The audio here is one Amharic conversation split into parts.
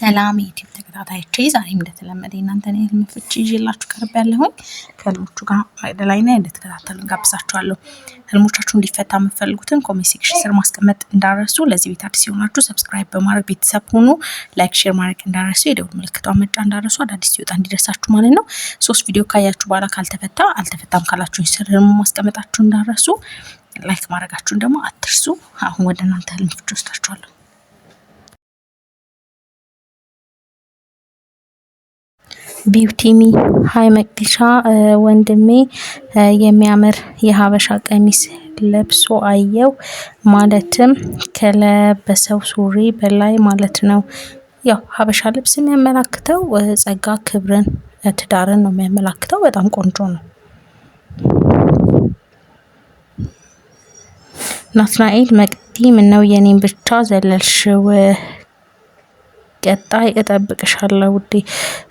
ሰላም የዩቲዩብ ተከታታዮቼ ዛሬም እንደተለመደ የእናንተን የህልም ፍቺ ይዤላችሁ ቀርብ ያለሁኝ ከህልሞቹ ጋር ወደ ላይ እንደተከታተሉ ጋብዛችኋለሁ። ህልሞቻችሁ እንዲፈታ የምትፈልጉትን ኮሜንት ሴክሽን ስር ማስቀመጥ እንዳረሱ። ለዚህ ቤት አዲስ የሆናችሁ ሰብስክራይብ በማድረግ ቤተሰብ ሆኑ። ላይክ፣ ሼር ማድረግ እንዳረሱ፣ የደውል ምልክቷ መጫ እንዳረሱ፣ አዳዲስ ሲወጣ እንዲደርሳችሁ ማለት ነው። ሶስት ቪዲዮ ካያችሁ በኋላ ካልተፈታ አልተፈታም ካላችሁ ስር ህልሙ ማስቀመጣችሁ እንዳረሱ፣ ላይክ ማድረጋችሁን ደግሞ አትርሱ። አሁን ወደ እናንተ ህልም ፍቺ ወስዳችኋለሁ። ቢዩቲሚ ሀይ መቅዲሻ ወንድሜ የሚያምር የሀበሻ ቀሚስ ለብሶ አየው። ማለትም ከለበሰው ሱሪ በላይ ማለት ነው። ያው ሀበሻ ልብስ የሚያመላክተው ጸጋ፣ ክብርን፣ ትዳርን ነው የሚያመላክተው። በጣም ቆንጆ ነው። ናትናኤል መቅዲ ምነው የኔን ብቻ ዘለልሽው? ቀጣይ እጠብቅሻለሁ ውዴ።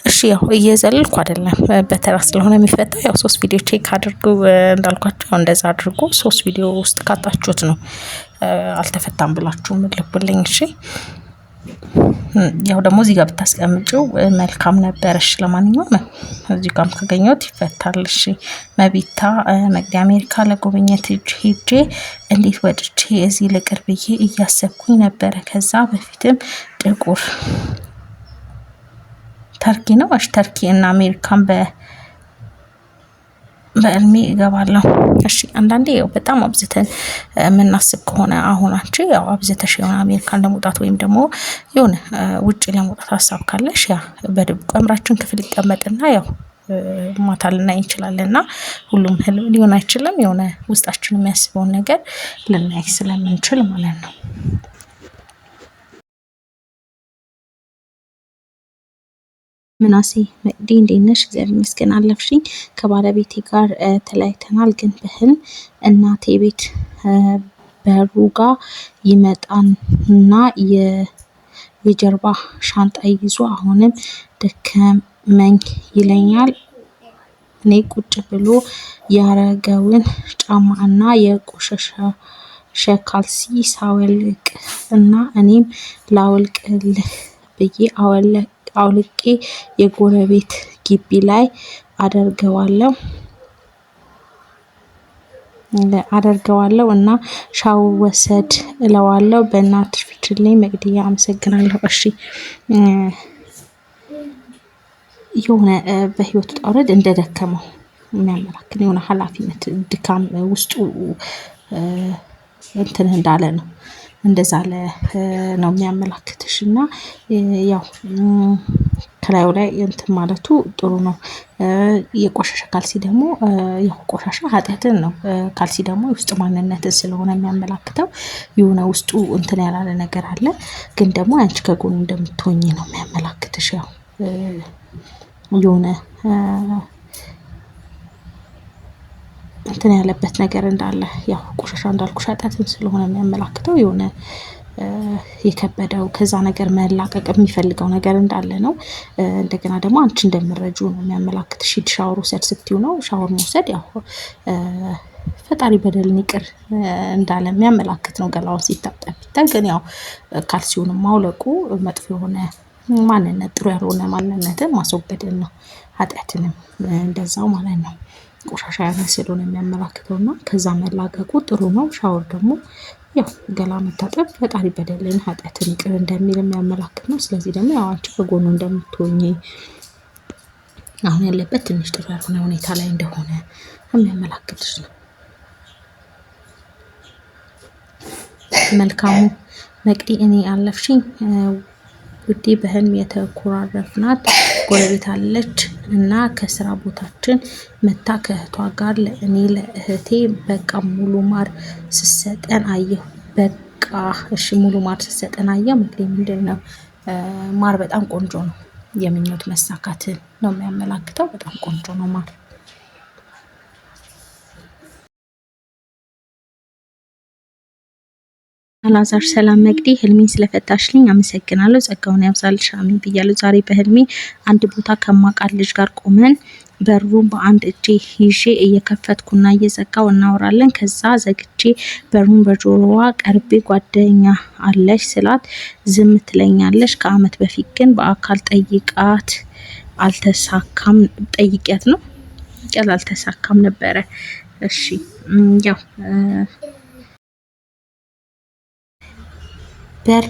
እሺ ያው እየዘለልኩ አይደለም በተራ ስለሆነ የሚፈታ ያው ሶስት ቪዲዮ ቼክ አድርጉ እንዳልኳቸው እንደዛ አድርጉ። ሶስት ቪዲዮ ውስጥ ካጣችሁት ነው አልተፈታም ብላችሁ ምልኩልኝ እሺ። ያው ደግሞ እዚህ ጋር ብታስቀምጪው መልካም ነበር። እሺ ለማንኛውም እዚህ ጋርም ካገኘሁት ይፈታል። እሺ መቤታ መግቢያ አሜሪካ ለጉብኝት እጅ ሄጄ እንዴት ወድቼ እዚህ ልቅር ብዬ እያሰብኩኝ ነበረ። ከዛ በፊትም ጥቁር ተርኪ ነው አሽ ተርኪ እና አሜሪካን በ በእድሜ እገባለሁ። እሺ አንዳንዴ ያው በጣም አብዝተን የምናስብ ከሆነ አሁናች ያው አብዝተሽ የሆነ አሜሪካን ለመውጣት ወይም ደግሞ የሆነ ውጭ ለመውጣት ሀሳብ ካለሽ ያ በድብቅ አእምራችን ክፍል ይቀመጥና ያው ማታ ልናይ እንችላለን እና ሁሉም ህልም ሊሆን አይችልም። የሆነ ውስጣችን የሚያስበውን ነገር ልናይ ስለምንችል ማለት ነው። ምናሴ መቅዲ እንዴት ነሽ? እግዚአብሔር ይመስገን አለፍሽኝ። ከባለቤቴ ጋር ተለያይተናል፣ ግን በህልም እናቴ ቤት በሩጋ ይመጣና የጀርባ ሻንጣ ይዞ አሁንም ደከመኝ ይለኛል። እኔ ቁጭ ብሎ ያረገውን ጫማ እና የቆሸሸ ሸካልሲ ሳወልቅ እና እኔም ላወልቅልህ ብዬ አወለቅ አውልቄ የጎረቤት ግቢ ላይ አደርገዋለሁ አደርገዋለሁ እና ሻው ወሰድ እለዋለሁ። በእናት ፍችልኝ መቅድዬ አመሰግናለሁ። እሺ የሆነ በህይወት ጣውረድ እንደደከመው የሚያመላክን የሆነ ኃላፊነት ድካም ውስጡ እንትን እንዳለ ነው። እንደዛለ ነው የሚያመላክትሽ እና ያው ከላዩ ላይ እንትን ማለቱ ጥሩ ነው። የቆሻሻ ካልሲ ደግሞ ያው ቆሻሻ ኃጢአትን ነው። ካልሲ ደግሞ የውስጥ ማንነትን ስለሆነ የሚያመላክተው የሆነ ውስጡ እንትን ያላለ ነገር አለ፣ ግን ደግሞ አንቺ ከጎኑ እንደምትሆኝ ነው የሚያመላክትሽ ያው የሆነ እንትን ያለበት ነገር እንዳለ ያው ቆሻሻ እንዳልኩሽ ኃጢአትን ስለሆነ የሚያመላክተው የሆነ የከበደው ከዛ ነገር መላቀቅ የሚፈልገው ነገር እንዳለ ነው። እንደገና ደግሞ አንቺ እንደምረጁ ነው የሚያመላክትሽ። ሂድ ሻወር ውሰድ ስትዩ ነው ሻወር መውሰድ ያው ፈጣሪ በደልን ይቅር እንዳለ የሚያመላክት ነው። ገላውን ሲታጠብ ይታል። ግን ያው ካልሲውንም ማውለቁ መጥፎ የሆነ ማንነት ጥሩ ያልሆነ ማንነትን ማስወገድን ነው። ኃጢአትንም እንደዛው ማለት ነው። ቆሻሻ ያመስሎ ነው የሚያመላክተው እና ከዛ መላቀቁ ጥሩ ነው። ሻወር ደግሞ ያው ገላ መታጠብ ፈጣሪ በደልን ኃጢአትን ይቅር እንደሚል የሚያመላክት ነው። ስለዚህ ደግሞ ያው አንቺ ከጎኑ እንደምትሆኝ አሁን ያለበት ትንሽ ጥሩ ያልሆነ ሁኔታ ላይ እንደሆነ የሚያመላክትሽ ነው። መልካሙ መቅዲ እኔ አለፍሽኝ ውዴ በህልም የተኮራረፍናት ጎረቤት አለች እና ከስራ ቦታችን መታ ከእህቷ ጋር ለእኔ ለእህቴ በቃ ሙሉ ማር ስሰጠን አየሁ። በቃ እሺ ሙሉ ማር ስሰጠን አየሁ። ምክንያት ምንድን ነው? ማር በጣም ቆንጆ ነው። የምኞት መሳካትን ነው የሚያመላክተው። በጣም ቆንጆ ነው ማር አላዛር ሰላም መቅዲ ህልሜን ስለፈታሽልኝ አመሰግናለሁ። ጸጋውን ያብዛልሽ። አሜን ብያለሁ። ዛሬ በህልሜ አንድ ቦታ ከማውቃት ልጅ ጋር ቆመን በሩን በአንድ እጄ ይዤ እየከፈትኩና እየዘጋው እናወራለን። ከዛ ዘግቼ በሩን በጆሮዋ ቀርቤ ጓደኛ አለሽ ስላት ዝም ትለኛለች። ከአመት በፊት ግን በአካል ጠይቃት አልተሳካም። ጠይቂያት ነው ቃል አልተሳካም ነበረ። እሺ ያው በር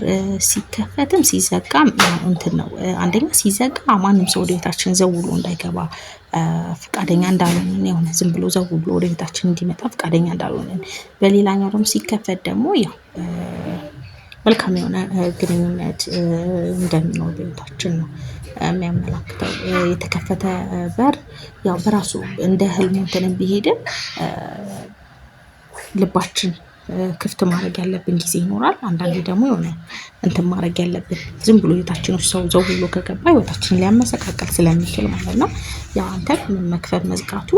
ሲከፈትም ሲዘጋም እንትን ነው። አንደኛ ሲዘጋ ማንም ሰው ወደ ቤታችን ዘው እንዳይገባ ፍቃደኛ እንዳልሆንን የሆነ ዝም ብሎ ዘው ብሎ ወደ ቤታችን እንዲመጣ ፍቃደኛ እንዳልሆንን፣ በሌላኛው ደግሞ ሲከፈት ደግሞ ያው መልካም የሆነ ግንኙነት እንደሚኖር ቤታችን ነው የሚያመላክተው። የተከፈተ በር ያው በራሱ እንደ ህልም እንትን ቢሄድም ልባችን ክፍት ማድረግ ያለብን ጊዜ ይኖራል። አንዳንዴ ደግሞ የሆነ እንትን ማድረግ ያለብን ዝም ብሎ ህይወታችን ውስጥ ሰው ዘው ብሎ ከገባ ህይወታችንን ሊያመሰቃቀል ስለሚችል ማለት ነው። ያው አንተን መክፈት መዝጋቱ